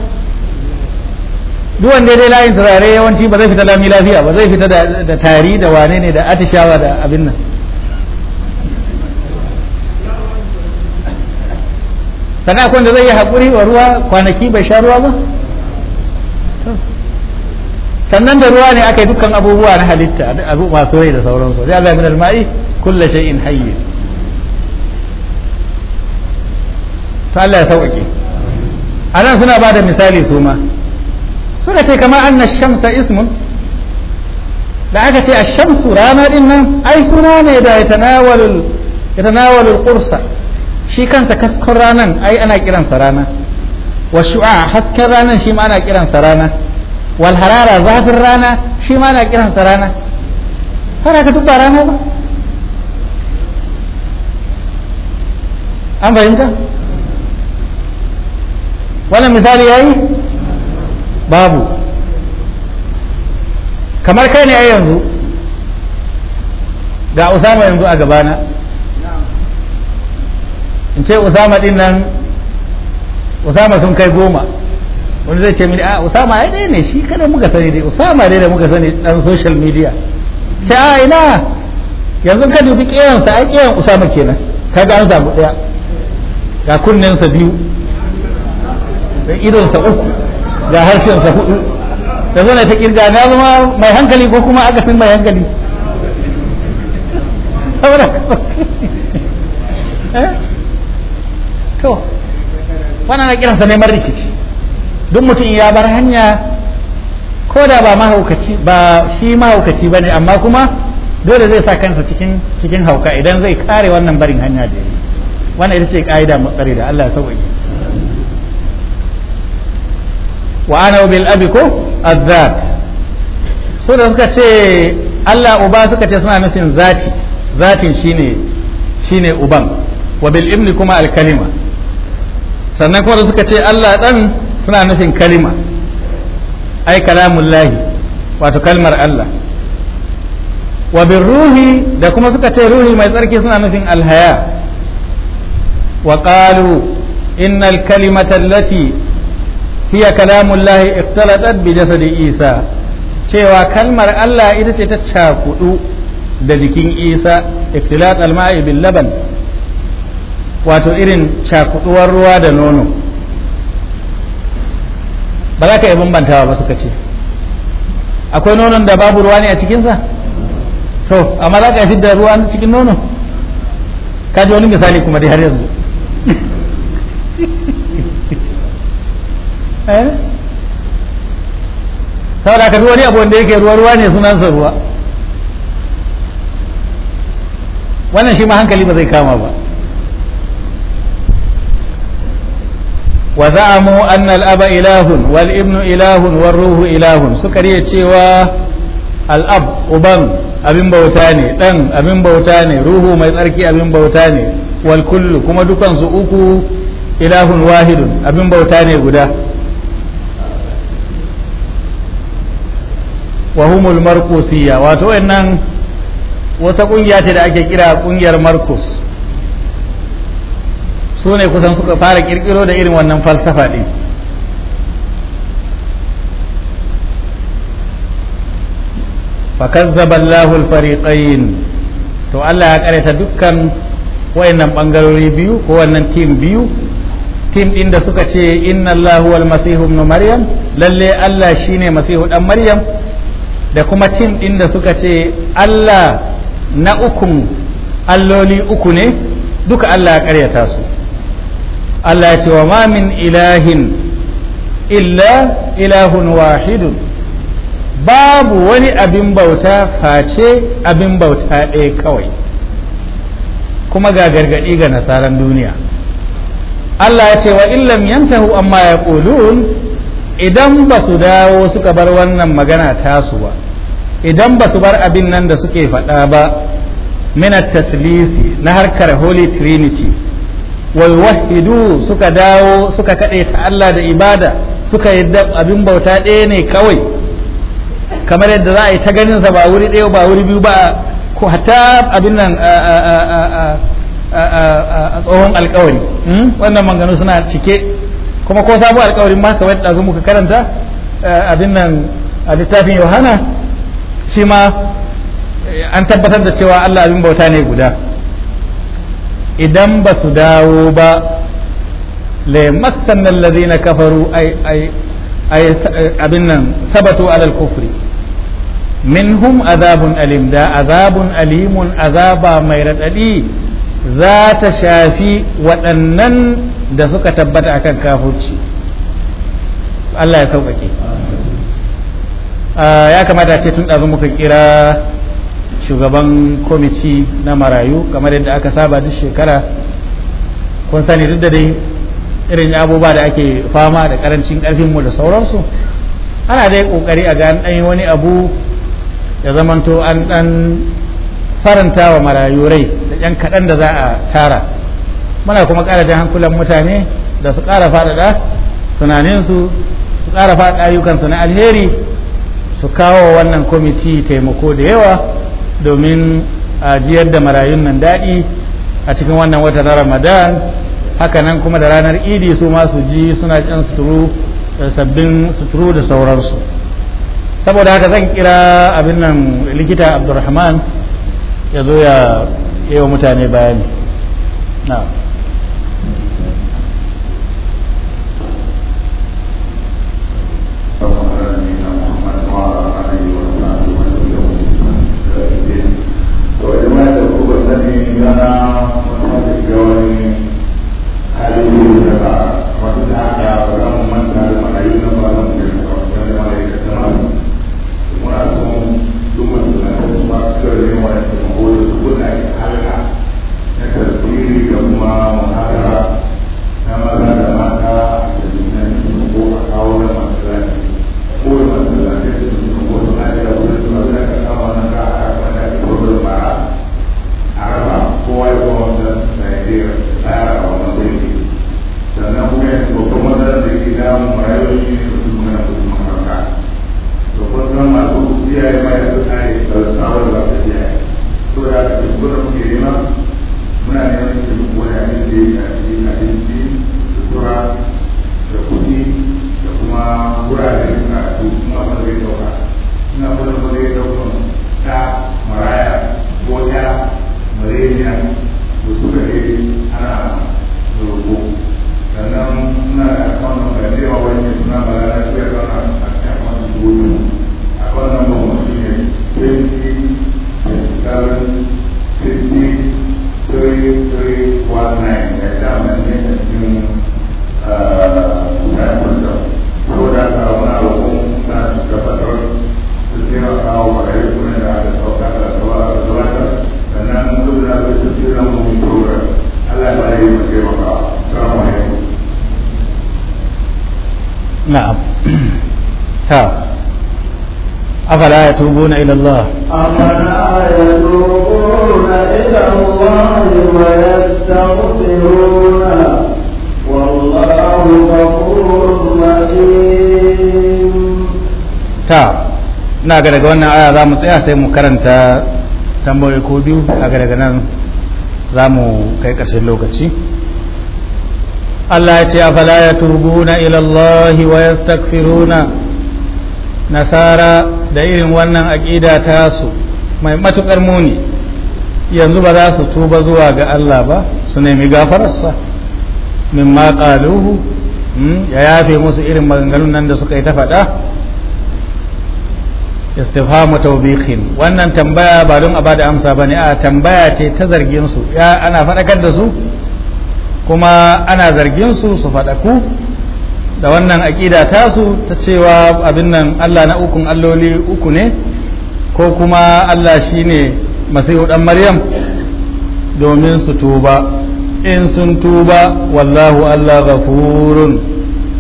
duk wanda dai layin turare yawanci ba zai fita lami lafiya ba zai fita da tari da wane ne da atishawa da abin nan sana kun da zai yi haƙuri wa ruwa kwanaki bai sha ruwa ba sannan da ruwa ne aka yi dukkan abubuwa na halitta masu rai da sauransu zai zai al-ma'i kulla shay'in hayyin to Allah ya sauƙaƙe nan suna ba da misali su ma suka ce kamar anna shamsa ismun da aka ce a shamsu rana din nan ai suna ne da ya tanawalul ƙursa shi kansa kaskon ranan ai ana kiransa rana wa shu'a hasken ranan shi ma ana kiransa rana wal harara zafin rana shi ma ana kiransa rana har aka dubba rana ba an fahimta wannan misali yayi babu kamar kai ne yanzu ga usama yanzu a gabana in ce usama din nan usama sun kai goma wani zai ce mini a ah, usama ai ɗaya ne shi kada muka sani dai usama dai da muka sani dan social media ce a ah, ina yanzu ka dubi kiyansa a kiyan usama kenan kaga an samu ɗaya ga kunnensa biyu da idonsa uku ga harshensa hudu da zo ta kirga na zama mai hankali ko kuma aka fi mai hankali [laughs] eh? to wannan na kiransa neman rikici duk mutum ya bar hanya ko da ba mahaukaci ba shi mahaukaci ba ne amma kuma dole zai sa kansa cikin cikin hauka idan zai kare wannan barin hanya da yi wannan ita ce ka'ida matsari da Allah ya sauƙaƙe wa ana bil abi ko azzat so da suka ce Allah uba suka ce suna nufin zati zatin shine shine uban wa bil ibni kuma al kalima sannan kuma da suka ce Allah dan suna nufin kalima ai kalamun lahi, wato kalmar Allah wa bin ruhi da kuma suka ce ruhi mai tsarki suna nufin alhaya wa qalu innal kalimata allati hiya kalamullahi ikhtalatat bi jasadi isa cewa kalmar Allah ita ce ta cakudu da jikin isa iftilat alma'i bil laban wato irin cakuduwar ruwa da nono ba za ka yi bambantawa ba suka ce akwai nonon da babu ruwa ne a cikinsa to amma za ka yi fidda ruwa cikin nono ka ji wani misali kuma dai har yanzu [laughs] Eh? saboda ka wani abu wanda yake ruwa ruwa ne sunansa ruwa wannan shi ma hankali ba zai kama ba wa za'amu anna ilahun wal ibnu ilahun war ruhu ilahun suka riya cewa al-ab uban abin bauta ne dan abin bauta ne ruhu mai tsarki abin bauta ne wal kullu kuma dukansu uku ilahun wahidun abin bauta ne guda wa humul markusiya wato wannan wata kungiya ce da ake kira kungiyar markus su ne kusan suka fara kirkiro da irin wannan falsafa ɗin fakazzaba Allahul fariqain to Allah ya karanta dukkan wayannan bangarori biyu ko wannan tim biyu tim din da suka ce inna Allahu wal masihu ibn maryam lalle Allah shine masihu dan maryam da kuma tim ɗin da suka ce Allah na ukun alloli uku ne duka Allah ya karyata su Allah ya ce wa ma min ilahin illa ilahun wahidun babu wani abin bauta face abin bauta ɗaya kawai kuma ga gargaɗi ga nasaran duniya Allah ya ce wa illam yantahu amma ya idan ba su dawo suka bar wannan magana tasu ba idan ba su bar abin nan da suke faɗa ba minat na harkar holy trinity wal wahidu suka dawo suka kaɗe ta Allah da ibada suka yadda abin bauta ɗaya ne kawai kamar yadda za a yi ta ganin sa ba wuri ɗaya ba wuri biyu ba ko hatta abin nan a tsohon alkawari wannan manganu suna cike kuma ko sabu alƙawarin ma kamar da muka karanta eh, abin nan a littafin yohana shi ma eh, an tabbatar da cewa allah abin bauta ne guda idan ba su dawo ba ليمسن lazi na kafaru binan أي alal ثبتوا على الكفر منهم عذاب أليم دا عذاب أليم عذاب ميرت ألي ذات شافي وأنن da suka tabbata akan kafirci Allah ya sauƙaƙe ah, ya kamata ce tun ɗazu muka kira shugaban kwamiti na marayu kamar yadda aka saba duk shekara kun sani duk da dai irin abubuwa da ake fama da karancin ƙarfinmu da sauransu ana dai ƙoƙari a ga an wani abu ya zamanto an ɗan faranta wa marayu rai da 'yan kaɗan da za a tara muna kuma ƙara jan hankulan mutane da su ƙara faɗaɗa tunaninsu su ƙara faɗaɗa ayyukansu na alheri su kawo wannan kwamiti taimako da yawa domin ajiyar da marayun nan daɗi a cikin wannan watan na ramadan hakanan kuma da ranar idi su ma su ji suna ƙin suturu da sabbin suturu da sauransu saboda haka zan kira abin nan likita abdulrahman ya zo ya yi wa mutane bayani na'am ربنا إلى الله أفلا ina ga daga wannan aya za mu tsaya sai mu karanta tambayoyi ko biyu a ga daga nan za mu kai ƙarshen lokaci Allah ya ce afala ya turbuna ila wa yastakfiruna nasara da irin wannan aƙida ta su mai matuƙar muni yanzu ba za su tuba zuwa ga Allah ba su nemi gafararsa min ma ƙaluhu hmm, ya yafe musu irin maganganun nan da suka yi ta faɗa istifhamu tawbiqin wannan tambaya ba don a bada amsa bane a tambaya ce ta zargin ya ana faɗakar da su kuma ana zargin su su faɗaku da wannan aƙida tasu ta cewa abin nan Allah na ukun alloli uku ne ko kuma Allah shi ne masihu ɗan maryam domin su tuba in sun tuba wallahu Allah gafurun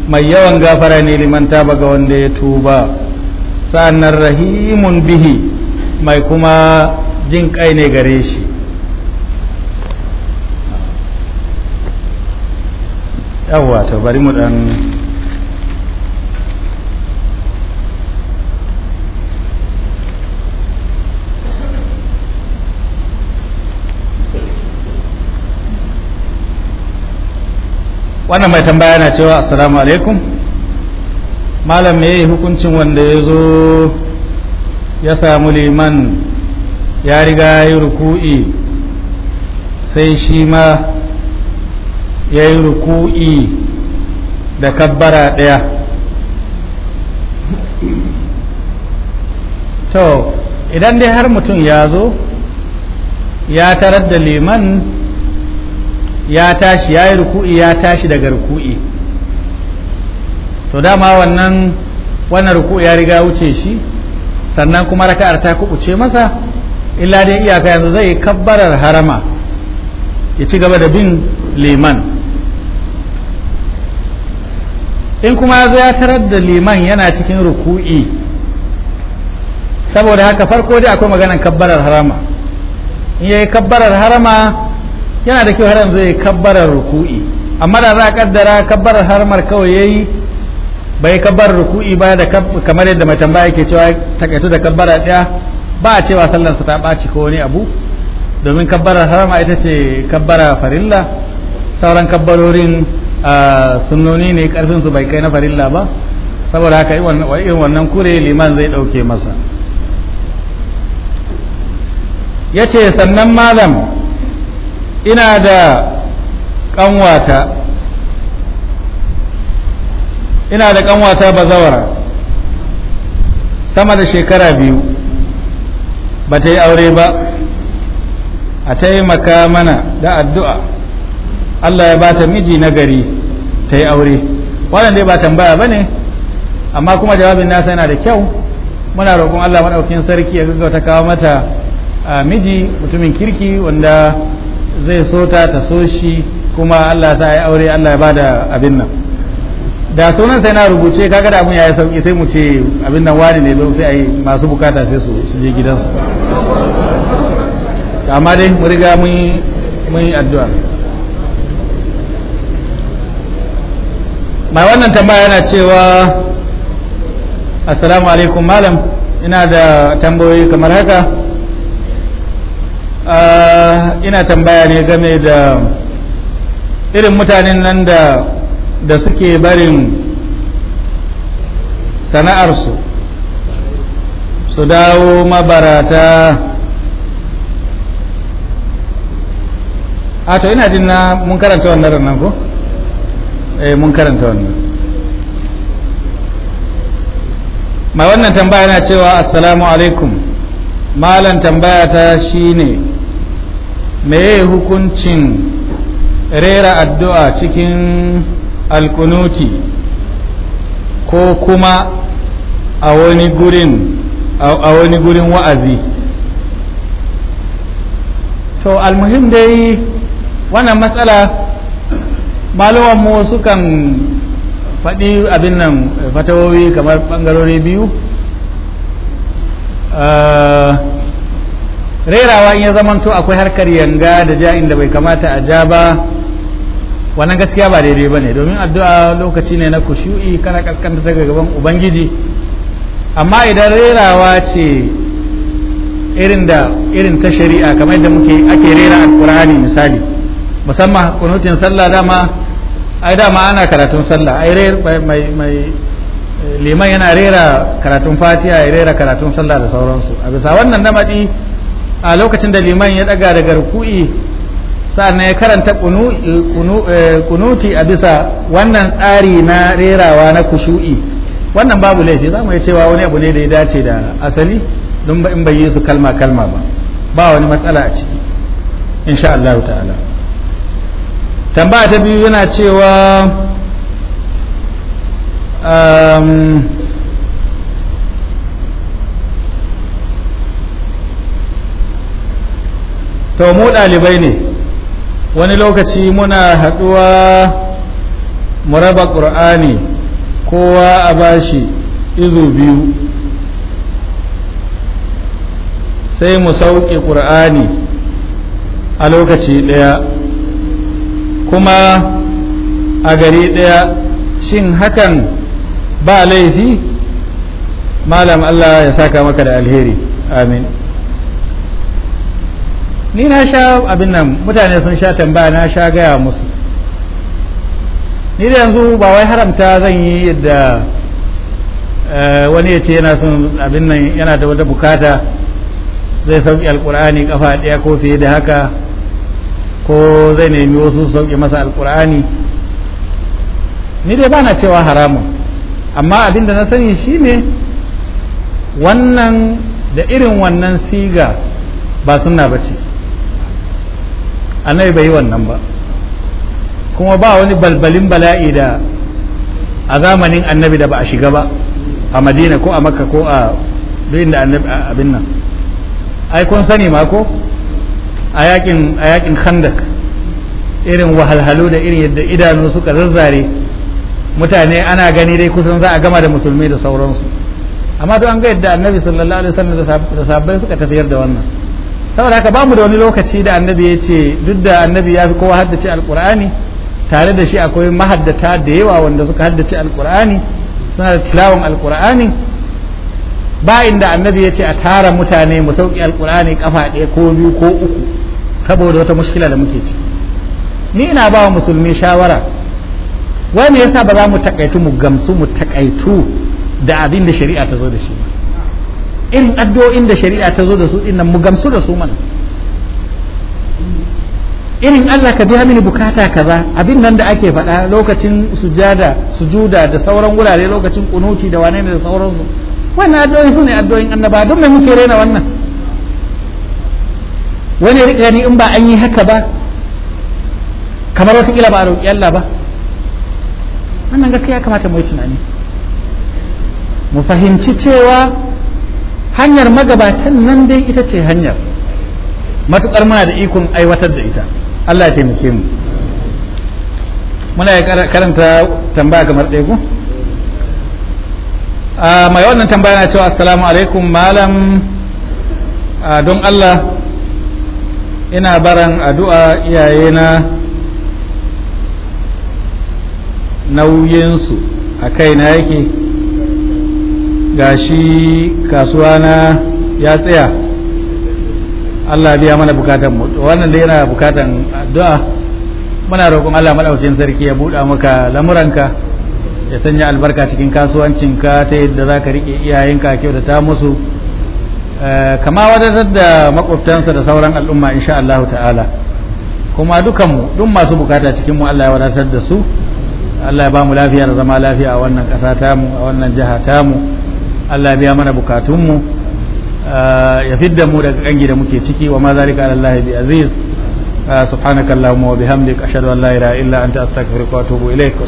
mai yawan gafara ne liman taba ga wanda ya tuba sa'annan rahimun bihi mai kuma jin kai ne gare shi yawwa to bari mu dan wannan mai tambaya na cewa assalamu alaikum malam me yi hukuncin wanda ya zo ya samu liman ya riga yi ruku'i sai shi ma ya yi ruku'i da kabbara ɗaya to idan dai har mutum ya zo ya tarar da liman ya tashi ya yi ruku'i ya tashi daga ruku'i to dama wannan wannan ruku'i ya riga wuce shi sannan kuma raka'ar ta kubuce masa illa dai iyaka yanzu zai yi kabbarar harama ya ci gaba da bin liman in kuma ya zo ya tarar da liman yana cikin ruku'i saboda haka farko dai akwai maganar kabbarar harama in ya yi kabbarar harama yana da kyau har yanzu ya kabbara ruku'i amma da za a kaddara kabbarar harmar kawai yayi bai kabbar ruku'i ba da kamar yadda mai tambaya yake cewa takaitu da kabbara daya ba a cewa sallarsa sa ta baci ko wani abu domin kabbarar harama ita ce kabbara farilla sauran kabbarorin sunnoni ne karfin su bai kai na farilla ba saboda haka irin wannan kure liman zai ɗauke masa yace sannan malam ina da kanwata ina da kanwata bazawara sama da shekara biyu ba ta yi aure ba a taimaka mana da addu'a Allah ya ba ta miji nagari ta yi aure wannan dai ba tambaya ba ne amma kuma jawabin nasa yana da kyau muna roƙon Allah maɗaukin sarki ya gaggauta kawo mata miji mutumin kirki wanda zai so ta ta so shi kuma Allah sa ya aure Allah ya bada abin nan da sunan sai na rubuce kaga da abun yayi sauki sai mu ce abin nan wani ne don sai ai masu bukata sai su su je gidansu amma dai mu riga mun mun addu'a mai wannan tambaya yana cewa assalamu alaikum malam ina da tambayoyi kamar haka Eh, ina tambaya ne game da irin mutanen nan da da suke barin sana'arsu su dawo mabarata a ah, to ina jin na mun karanta wannan ranar ko? eh mun karanta wannan mai wannan tambaya na cewa assalamu alaikum malan tambaya ta shine meye hukuncin rera addu'a cikin alkunuti ko kuma a wani gurin a wani gurin wa'azi to almuhim dai wannan matsala malumanmu sukan faɗi abin nan fatawowi kamar ɓangarori biyu ah, rerawa in ya zamanto akwai harkar yanga da ja inda bai kamata a ja ba wannan gaskiya ba daidai ba ne domin addu'a lokaci ne na kushu'i kana kaskanta daga gaban ubangiji amma idan rerawa ce irin da irin ta shari'a kamar yadda muke ake rera alkur'ani misali musamman kunutin sallah dama ai dama ana karatun sallah ai mai mai liman yana rera karatun fatiha ya rera karatun sallah da sauransu a bisa wannan namadi a lokacin da liman ya daga daga ruku'i sa'annan ya karanta eh, kunuti a bisa wannan tsari na rerawa na kushu'i wannan babu laifi za mu cewa wani abu ne da ya dace da asali don in bai yi su kalma kalma ba ba wani matsala a ciki insha Allah ta'ala tambaya ta biyu yana cewa um, to mu ɗalibai ne wani lokaci muna haɗuwa mu raba ƙur'ani kowa a bashi izu biyu sai mu sauƙi ƙur'ani a lokaci ɗaya kuma a gari ɗaya shin hakan ba laifi malam Allah ya saka maka da alheri amin ni na sha abin nan mutane sun sha tambaya na sha gaya musu ni da yanzu ba wai haramta zan yi yadda eh, wani ya ce yana son abin nan yana da wata bukata zai sauƙi alƙur'ani ƙafa ɗaya ko fiye da haka ko zai nemi wasu sauƙi masa alƙur'ani ni dai ba na cewa haramun amma abin da na sani shi ne wannan da irin wannan siga ba suna ba ce annabi bai yi wannan ba kuma ba wani balbalin bala'i da a zamanin annabi da ba a shiga ba a madina ko a makka ko a duk inda annabi abin nan ai kun sani ma ko a yakin a yakin khandak irin wahalhalu da irin yadda idanu suka zazzare mutane ana gani dai kusan za a gama da musulmi da sauransu amma duk an ga yadda annabi sallallahu alaihi wasallam da sahabbai suka tafiyar da wannan saboda haka bamu da wani lokaci da annabi ya ce duk da annabi ya fi kowa haddace alkur'ani tare da shi akwai mahaddata da yawa wanda suka haddace alkur'ani suna da tilawan alkur'ani ba inda annabi ya ce a tara mutane mu sauki alkur'ani kafa ɗaya ko biyu ko uku saboda wata mushkila da muke ci ni ina ba musulmi shawara wani yasa ba za mu takaitu mu gamsu mu takaitu da abin da shari'a ta zo da shi Irin addu'o'in da shari'a ta zo da su dinnan mu gamsu da su mana irin Allah ka biya mini bukata kaza abin nan da ake faɗa lokacin sujada sujuda da sauran wurare lokacin kunuti da wane da su wannan addu'o'i su ne addu'o'in annaba don me muke rena wannan wani rika ni in ba an yi haka ba kamar wata kila ba a roƙi Allah ba wannan gaskiya kamata mu yi tunani mu fahimci cewa hanyar magabatan nan dai ita ce hanyar matukar muna da ikon aiwatar da ita Allah ya taimake mu muna karanta tambaya kamar ɗaya ku mai wannan tambaya na cewa assalamu alaikum malam don Allah ina baran addu'a iyaye iyayena nauyinsu a kaina yake gashi kasuwa na ya tsaya Allah biya mana bukatan mu wannan dai yana bukatan addu'a muna roƙon Allah madaukakin sarki ya buɗa maka lamuranka ya sanya albarka cikin kasuwancinka ta yadda za ka riƙe iyayenka ta musu eh, kama wadatar da makwabtansa da sauran al'umma insha Allah ta'ala kuma dukanmu duk masu bukata cikin mu Allah ya wadatar da su Allah ya ba mu lafiya da zama lafiya a wannan ƙasa tamu a wannan jiha tamu Allah biya mana bukatunmu eh, ya fidda mu daga kangi da muke ciki wa ma zalika ala Allah bi aziz eh, subhanakallahumma wa bi ashhadu an la ilaha illa anta astaghfiruka wa atubu ilaik